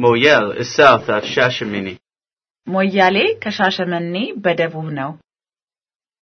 ሞየል is south of Shashamini. ሞያሌ ከሻሸመኔ በደቡብ ነው።